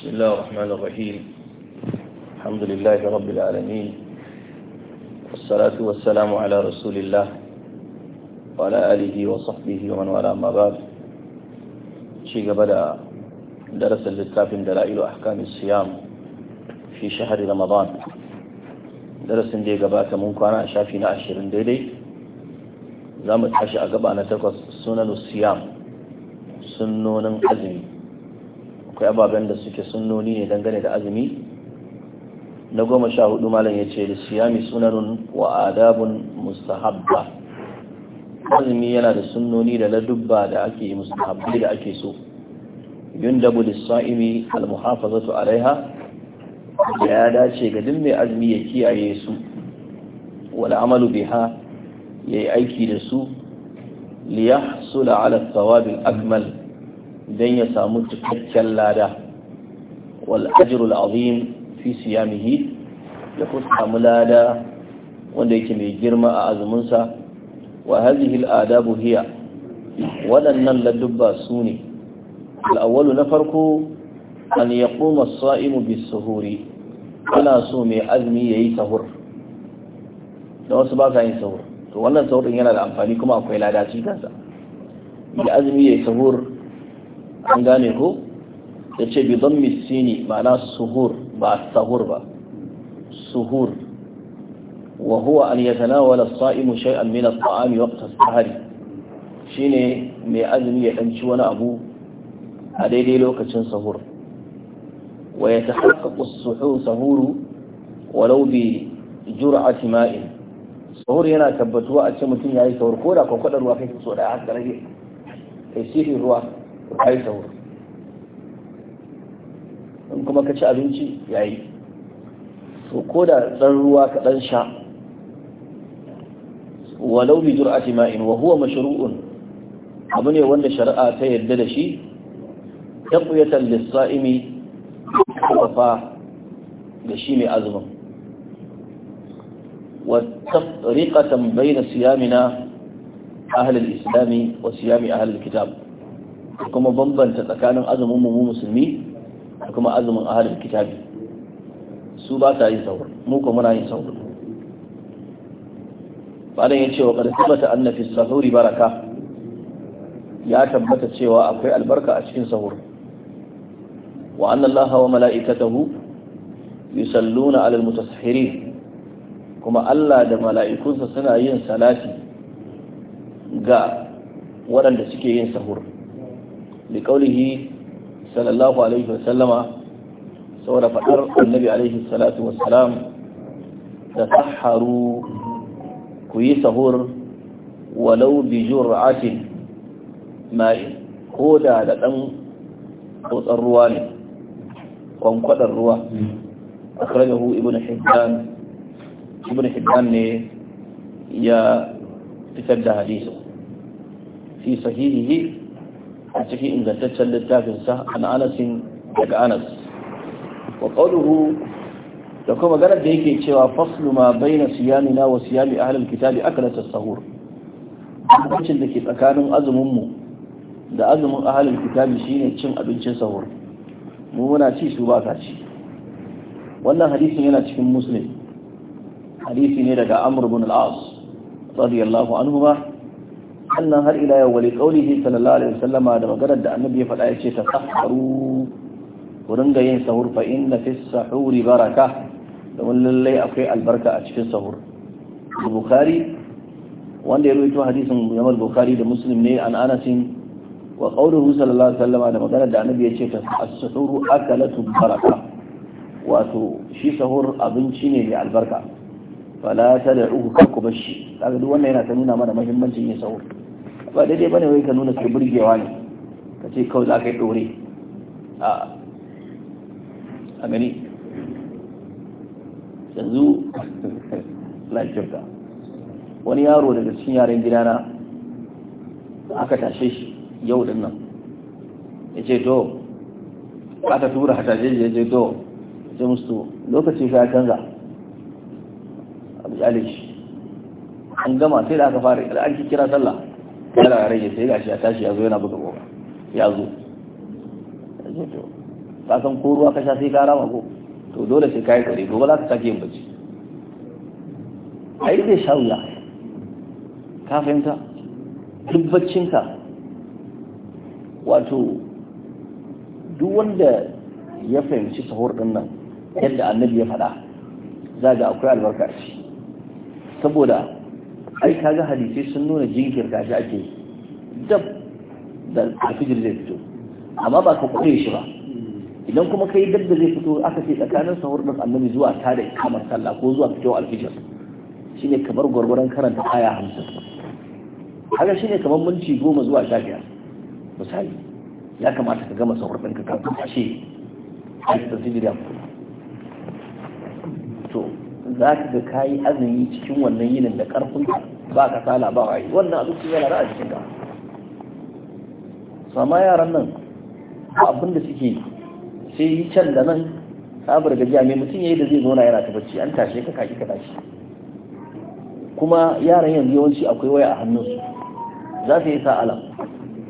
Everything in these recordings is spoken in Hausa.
بسم الله الرحمن الرحيم الحمد لله رب العالمين والصلاة والسلام على رسول الله وعلى آله وصحبه ومن والاه ما بعد شيء قبل درس للتاف دلائل أحكام الصيام في شهر رمضان درس دي قبل ممكن أنا شافينا عشرين ديلي زامت حشا قبل أنا تقص سنن الصيام سنون أزمي akwai ababen da suke sunnoni ne dangane da azumi na goma sha hudu malam ya ce siyami sunanun wa adabun mustahabba azumi yana da sunnoni da ladubba da ake mustahabbi da ake so yundabu lis-sa'imi al alaiha da ya dace ga duk mai azumi ya kiyaye su wala amalu biha yayi aiki da su liyahsula ala thawabil akmal don ya samu cikakken lada wal ajrul azim fi siyamihi ya ku samu lada wanda yake mai girma a azuminsa wa hadhihi al adabu hiya waɗannan ladubba su ne al'awwalu na farko an ya kuma sa'imu sahuri? ana so mai azumi ya yi sahur da wasu ba sa yin sahur to wannan sahurin yana da amfani kuma akwai lada cikinsa da azumi ya yi sahur an gane ko ya ce bi don misini ma'ana suhur ba sahur ba suhur wa huwa an yatanawala as-sa'imu shay'an min at-ta'ami waqta sahari shine mai azumi ya danci wani abu a daidai lokacin sahur wa yatahaqqaqu as-suhur sahuru walau bi jur'ati ma'in sahur yana tabbatuwa a ce mutum yayi sahur ko da kwakwadar ruwa kai so da haka rage kai ruwa a yi in kuma ka ci abinci ya yi ko da ɗan ruwa ka ɗan sha walau bi jur'ati ma'in wa huwa mashru'un abu ne wanda shari'a ta yarda da shi taqwiyatan lis-sa'imi kafa da shi mai azumin wa tafriqatan bayna siyamina ahli al-islami wa siyami ahli al-kitab da kuma bambanta tsakanin azumin mu musulmi da kuma azumin ahalul kitabi su ba sa yin sahur mu kuma muna yin sahur bayan ya ce wa qad sabata anna sahuri baraka ya tabbata cewa akwai albarka a cikin sahur wa anna allaha wa mala'ikatahu yusalluna 'alal mutasahhirin kuma Allah da mala'ikunsa suna yin salati ga waɗanda suke yin sahur li qawlihi sallallahu alaihi wa sallama saboda fadar annabi alaihi salatu wassalam da saharu ku yi sahur walau bi jur'atin ma'i da ɗan dan tsotsar ruwa ne kwankwadar ruwa akrajahu ibn hibban ne ya fitar da hadisi fi sahihihi a cikin ingantaccen littafinsa an anasin daga anas wa da kuma maganar da yake cewa faslu ma baina na wa siyami halin kitabi aka as-sahur abincin da ke tsakanin azumin mu da azumin ahlul kitabi shine cin abincin sahur mu muna ci su ba ka ci wannan hadisin yana cikin muslim hadisi ne daga amr ibn al-as radiyallahu anhu sannan har ila yau wali qaulihi sallallahu alaihi wasallam da maganar da annabi ya faɗa ya ce tasahharu ku ringa yin sahur fa inna fi sahuri baraka domin lallai akwai albarka a cikin sahur bukhari wanda ya rawaito hadisin Imam Bukhari da Muslim ne an Anas wa qawluhu sallallahu alaihi wasallam da magana da Annabi ya ce ta as-suhuru akalatu baraka wato shi sahur abinci ne mai albarka fala ta da uku kar ku bashi kaga duk wannan yana ta nuna mana muhimmancin yin sahur ba daidai bane wai ka nuna burgewa ne ka ce kawai za ka yi dore a a gani yanzu lafiyarka wani yaro daga cikin yaren gidana aka tashe shi yau din nan ya ce to ta tura hasashe ya ce to Ya ce musu lokaci ya canza tsale shi an gama sai da aka fara da an kira sallah yana rage sai gashi ya tashi ya zo yana buga goma ya zo ka san ko ruwa ka sha sai ka rama ko to dole sai ka yi tsare gobe za ka sake yin bacci ai zai sha wuya ka fahimta duk baccinka wato duk wanda ya fahimci sahur din nan yadda annabi ya faɗa za ga akwai albarka a ciki saboda ai kaga hadisi sun nuna jinkirta shi ake dab da alfijir zai fito amma ba ka kure shi ba idan kuma kai dab da zai fito aka ce tsakanin sahur din annabi zuwa ta da kamar sallah ko zuwa fito alfijir shine kamar gurgurun karanta aya hamsin haka shine kamar minti goma zuwa 15 misali ya kamata ka gama sahur ɗinka kafin ka ce a yi tasiri da fito za ka ga kayi azumi cikin wannan yinin da karfin ba ka sala ba yi wannan abin su yana ra'a cikin ka sama yaran nan abin da suke sai yi can da nan sabar gajiya mai mutum yayi da zai zo na yana ta bacci an tashe ka kaki ka tashi kuma yaran yanzu yawanci akwai waya a su za su yi sa alam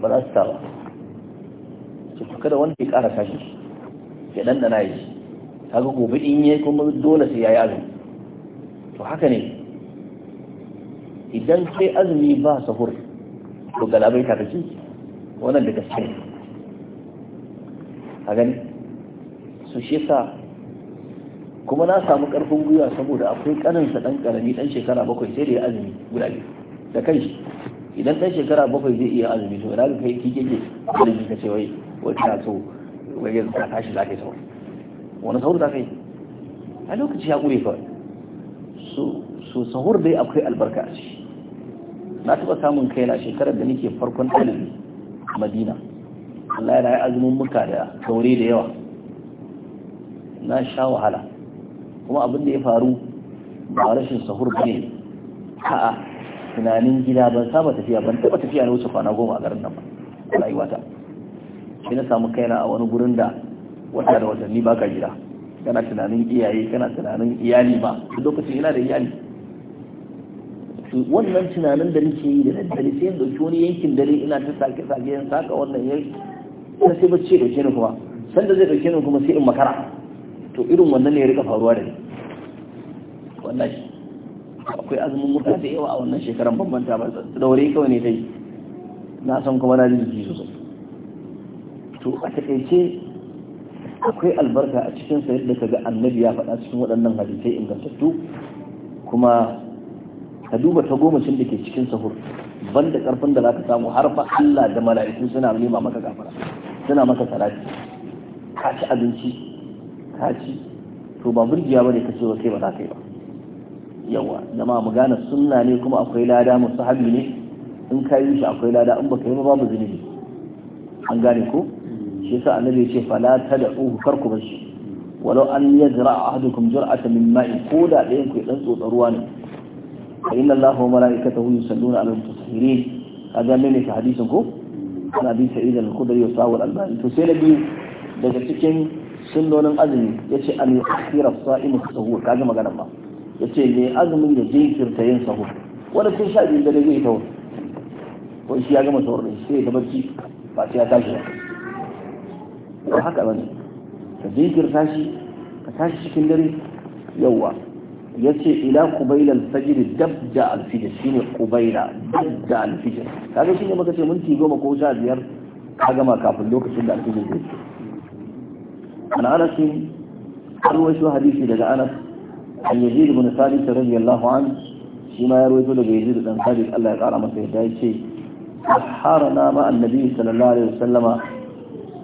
ba za su taba su da wanda ya kara kashi ya dandana ya ta kaga gobe in yi kuma dole sai ya yi azumi to haka ne idan kai azumi ba sahur to galabai ka kaci wannan da gaske a gani su shi sa kuma na samu karfin gwiwa saboda akwai kaninsa dan karami dan shekara bakwai sai da ya azumi guda biyu da kai idan dan shekara bakwai zai iya azumi to na kai kike ke azumi ka ce wai wai ta so wai yanzu ka tashi za ka yi sauri wani sauri za ka yi a lokaci ya kure kawai su da sahur dai akwai albarka a ciki na taɓa samun kaina shekarar da nake farkon ɗalibi a madina Allah ya rayu azumin muka da taure da yawa na sha wahala kuma abin da ya faru ba rashin sahur ba ne a'a tunanin gida ban saba tafiya ban taɓa tafiya na wuce kwana goma a garin nan ba rayuwata sai na samu kaina a wani gurin da wata da watanni baka gida kana tunanin iyaye kana tunanin iyali ba lokacin yana da iyali wannan tunanin da nake yi da daddare sai dauki wani yankin dare ina ta sake sake yan saka wannan yayi sai sai bace da ni kuma sanda zai dauke ni kuma sai in makara to irin wannan ne ya rika faruwa da ni wallahi akwai azumin muka da yawa a wannan shekaran bambanta ba daure kawai ne dai na san kuma na ji jiki to a takaice akwai albarka a cikin sa yadda kaga annabi ya faɗa cikin waɗannan hadisai ingantattu kuma ka duba ta gomashin da ke cikin sahur banda karfin da zaka samu har fa Allah da mala'iku suna nema maka gafara suna maka salati ka ci abinci ka ci to ba burgiya bane ka wa kai ba za ka yi ba yawa jama'a mu gane sunna ne kuma akwai lada musahabi ne in ka yi shi akwai lada in baka yi ba babu zunubi an gane ko shi yasa annabi yace fala tad'u karku shi walau an yajra ahadukum jur'atan min ma'in ko da ɗayan ku dan tsotsa ruwa ne fa inna allaha wa malaikatahu yusalluna 'ala al-mutahhirin kaga ne ne hadisin ko ana bi sa'id al-khudri wa sa'id al-albani to sai biyu daga cikin sunnonin azumi yace an yukhira as-sa'imu sahur kaga magana ba yace ne azumin da jinkirta yin sahur wanda sai sha biyu da zai yi sahur ko shi ya gama sahur ne sai ya ta barci ba sai ya tashi ba ba haka ba ne ka jinkirta shi ka tashi cikin dare yawwa ya ce ila kubaila alfajir dab da alfijir shi ne kubaila dab da alfijir kaga shi ne maka ce minti goma ko sha biyar ka gama kafin lokacin da alfijir zai ce an anas an wasu hadisi daga anas an yazid ibn sabit radiyallahu an shi ma ya rawaito daga yazid ibn sabit Allah ya kara masa yadda ya ce saharana ma annabi sallallahu alaihi wasallama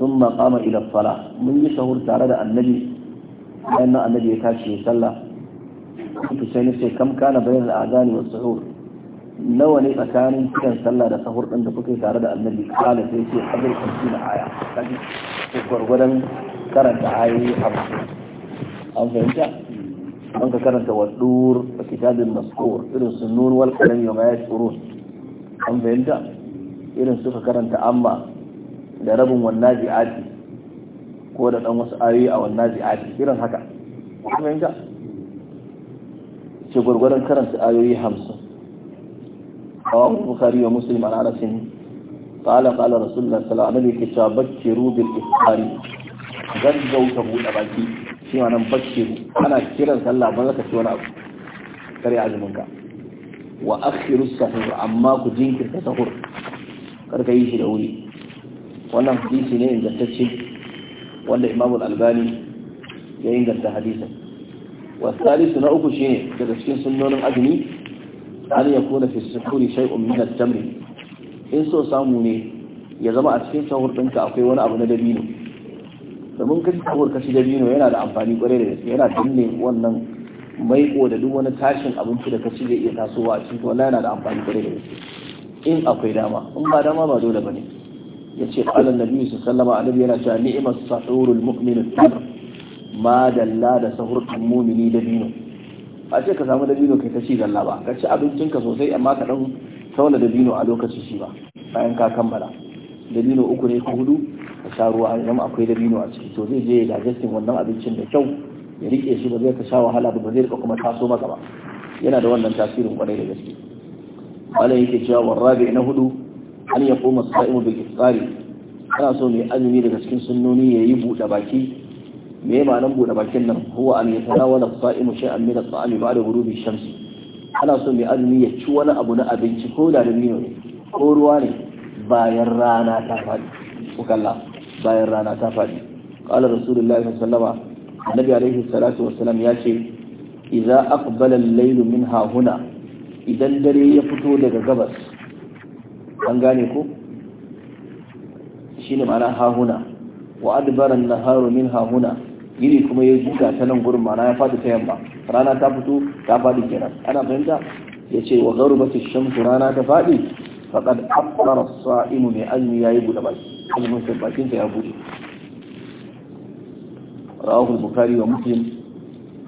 ثم قام إلى الصلاة من يشهر تعالى النبي لأن النبي يتاشي صلى كنت سينسي كم كان بين الأعزان والسحور نوى لي كان كان صلى ده سهور عند فكي تعالى النبي قال سيسي قبل خمسين آية تذكر ولم كانت آية حبه أو فهمت أنك كانت والدور الكتاب المذكور إلى السنون والقلم يوم يشعرون أم فهمت إلى السفة كانت أما da rabin wannan zi'ati ko da ɗan wasu ayoyi a wannan zi'ati irin haka fahimta ce gwargwadon karanta ayoyi hamsin kawo bukari wa musulmi a arasin ƙala ƙala rasulullah sallallahu alaihi ke cewa bakkiru bil iftari gaggauta buɗe baki shi ma nan bakkiru ana kiran sallah ba za ka ci wani abu kare azuminka wa akhiru sahur amma ku jinkirta sahur kar ka yi shi da wuri wannan hadisi ne ingantacce wanda imamul albani ya inganta hadisin wasalisu na uku shine daga cikin sunnonin azumi an ya kuna fi sukuri shay'un min at in so samu ne ya zama a cikin sahur ɗinka akwai wani abu na dabino domin kashi sahur kashi dabino yana da amfani kwarai da gaske yana danne wannan maiko da duk wani tashin abinci da kashi zai iya tasowa a cikin wallahi yana da amfani kwarai da gaske in akwai dama in ba dama ba dole ba ne. yace qala annabi sallallahu alaihi wasallam yana cewa ni'mas sahurul mu'min tabr ma dalla da sahurul mu'mini da dino a ce ka samu dabino kai ta ci zalla ba ka ci abincin ka sosai amma ka dan tauna dabino a lokaci shi ba bayan ka kammala dabino uku ne ko hudu ka sha ruwa idan akwai dabino a ciki to zai je digesting wannan abincin da kyau ya rike shi ba zai ka sha wahala ba zai rika kuma taso maka ba yana da wannan tasirin kwarai da gaske malam yake cewa warrabi na hudu an ya koma sa'imu bil ifsari ana so mai azumi daga cikin sunnoni yi buɗe baki me ma nan buɗe bakin nan huwa an yatanawala sa'imu shay'an min at-ta'ami ba'da ghurubi shamsi? ana so mai azumi ya ci wani abu na abinci ko da dabino ne ko ruwa ne bayan rana ta faɗi ko kalla bayan rana ta faɗi qala rasulullahi sallallahu alaihi wasallam annabi alaihi salatu wassalam ya ce idza aqbala al-layl min huna idan dare ya fito daga gabas an gane shi shine ma'ana hahuna wa adbaran naharu min hahuna gini kuma ya juda ta nan gurin ma'ana ya fadi ta yamma rana ta fito ta fadi kenan ana fahimta ya ce wa gharubati shamsu rana ta fadi faqad afṭara saimu mai ya yi buɗe baki azumin sai bakin ya buɗe rahul bukari wa muslim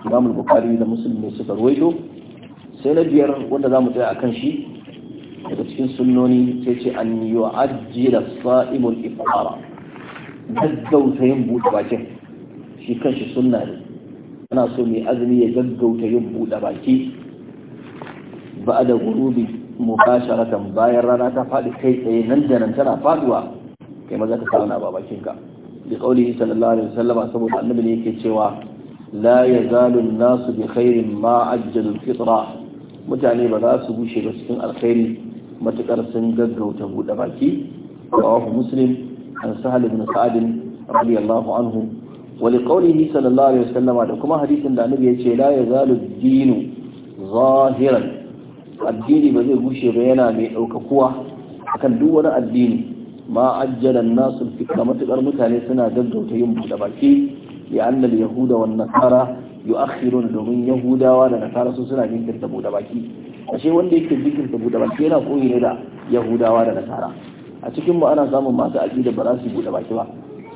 imam bukari da muslim ne suka ruwaito sai na biyar wanda zamu tsaya kan shi daga cikin sunnoni sai ce an yu'ajjila sa'imul ifara gaggauta yin buɗe bakin shi kanshi sunna ne ana so mai azumi ya gaggauta yin buɗe baki ba da gurubi mubasharatan bayan rana ta faɗi kai tsaye nan da nan tana faɗuwa kai maza ka sa wani bakinka da kauli sallallahu alaihi wasallama saboda annabi ne yake cewa la yazalu an-nasu bi khairin ma ajjalu fitra mutane ba za su bushe ba cikin alkhairi matukar sun gaggauta buɗe baki rawahu muslim an sahal ibn sa'ad radiyallahu anhu wa liqawlihi sallallahu alaihi wasallama da kuma hadisin da annabi yace la yazalu dinu zahiran addini ba zai gushe ba yana mai ɗaukakuwa akan duk wani addini ma ajjala nasu fikra matukar mutane suna gaggauta yin buɗe baki ya annal yahuda wan nasara yu'akhirun domin yahudawa da nasara su suna jinkirta buɗe baki ashe wanda yake bikin ta buɗe baki yana koyi ne da yahudawa da nasara a cikin mu ana samun masu aƙida ba za su buɗe baki ba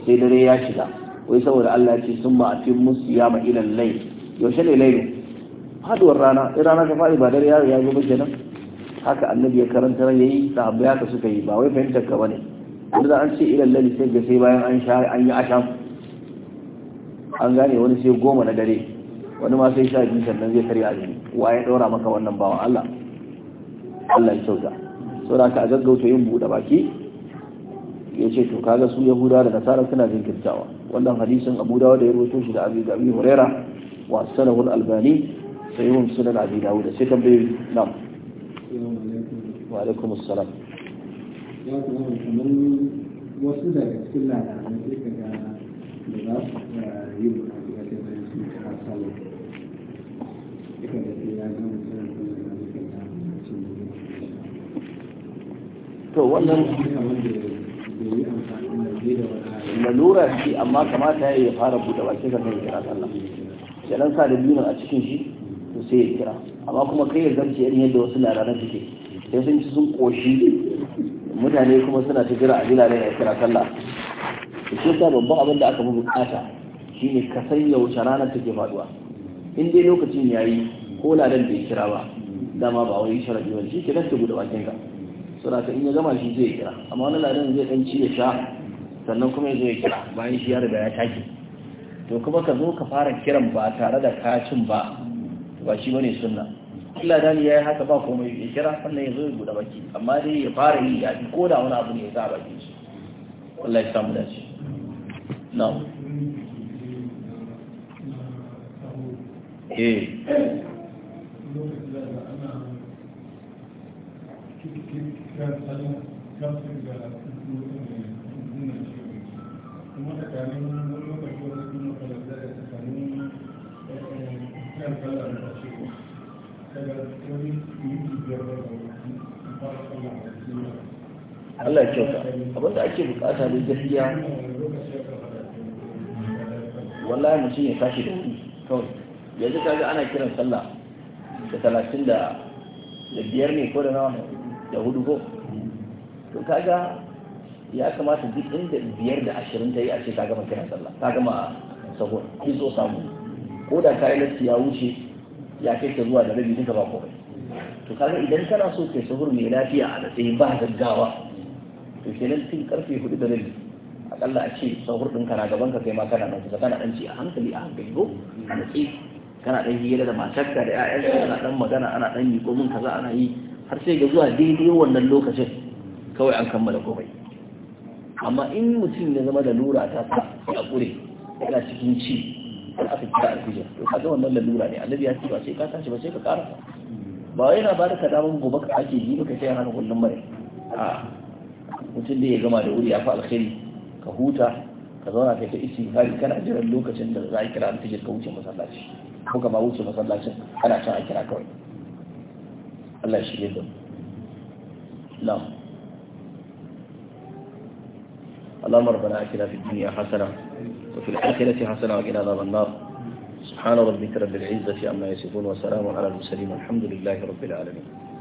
sai dare ya shiga wai saboda Allah ya ce sun a afin musu ya ma ilan lai yaushe ne lai faduwar rana in rana ta faɗi ba dare ya ya zo ba kenan haka annabi ya karanta ya yi sahabbai haka suka yi ba wai fahimtar ka bane wanda an ce ilan lai sai ga sai bayan an sha an yi asham an gane wani sai goma na dare wani ma sai sha biyu sannan zai karya azumi wa ya ɗora maka wannan bawa Allah Allah ya kyauta saboda ka gaggauta yin buɗe baki ya ce to kaga su yahuda da nasara suna jinkirtawa wannan hadisin abu dawo da ya rubuto shi da abi da abi huraira wa sanahul albani sai yun sunan abi dawo da sai tambayi nam wa alaikum assalam ya kuma kamar wasu daga cikin labarai sai da za su yi to wannan lalura shi amma kamata ya yi fara buɗe bakin sa kan kira sallah ya dan sa da biyun a cikin shi to sai ya kira amma kuma kai ya zarce irin yadda wasu lararan suke sai sun ci sun koshi mutane kuma suna ta jira a ne ya kira sallah to sa babban abin da aka fi bukata shine ka san yaushe ranar take faduwa in dai lokacin yi ko ladan bai kira ba dama ba wani sharaɗi ba shi ke dafta gudu bakin ka ta in ya gama shi zai kira amma wani ladan zai ɗan ci ya sha sannan kuma ya zo ya kira bayan shi ya riga ya take to kuma ka zo ka fara kiran ba tare da kacin ba ba shi bane sunna Allah ya yayi haka ba komai ya kira sannan ya zo ya guda baki amma dai ya fara yi ya ko da wani abu ne ya sa baki shi wallahi samu dace shi. eh Allah ya kyauta abinda ake bukata da gaskiya wallahi mutum ya tashi da wuri kawai yanzu kaga ana kiran sallah da talatin da biyar ne ko da nawa da hudu ko to kaga ya kamata duk inda biyar da ashirin ta yi a ce ka gama kiran sallah ka gama sabo kin so samu ko da kayan ya wuce ya kai ta zuwa da rabi duka ba komai to kaga idan kana so kai sahur mai lafiya a tsaye ba gaggawa to kenan tun karfe hudu da rabi akalla a ce sahur din kana gaban ka kai ma kana nan kana dan ci a hankali a hankali ko a natsayi kana dan hira da matarka da ƴaƴanka kana ɗan magana ana ɗan yi komin kaza ana yi har sai ga zuwa daidai wannan lokacin kawai an kammala komai amma in mutum ya zama da lura ta ta ya ƙure yana cikin ci har aka kira alfijir to kaga wannan lura ne annabi ya ce ba sai ka tashi ba sai ka kara ba wai yana ba da kadamin gobe ka ake yi ba ka sai hana kullum bare a mutum da ya gama da wuri ya fi alkhairi ka huta ka zauna kai ta hali kana jiran lokacin da za a kira alfijir ka wuce masallaci kuka ba wuce masallacin ana can a kira kawai Allah ya shirye da na اللهم ربنا آتنا في الدنيا حسنة وفي الآخرة حسنة وقنا عذاب النار سبحان ربك رب العزة عما يصفون وسلام على المرسلين والحمد لله رب العالمين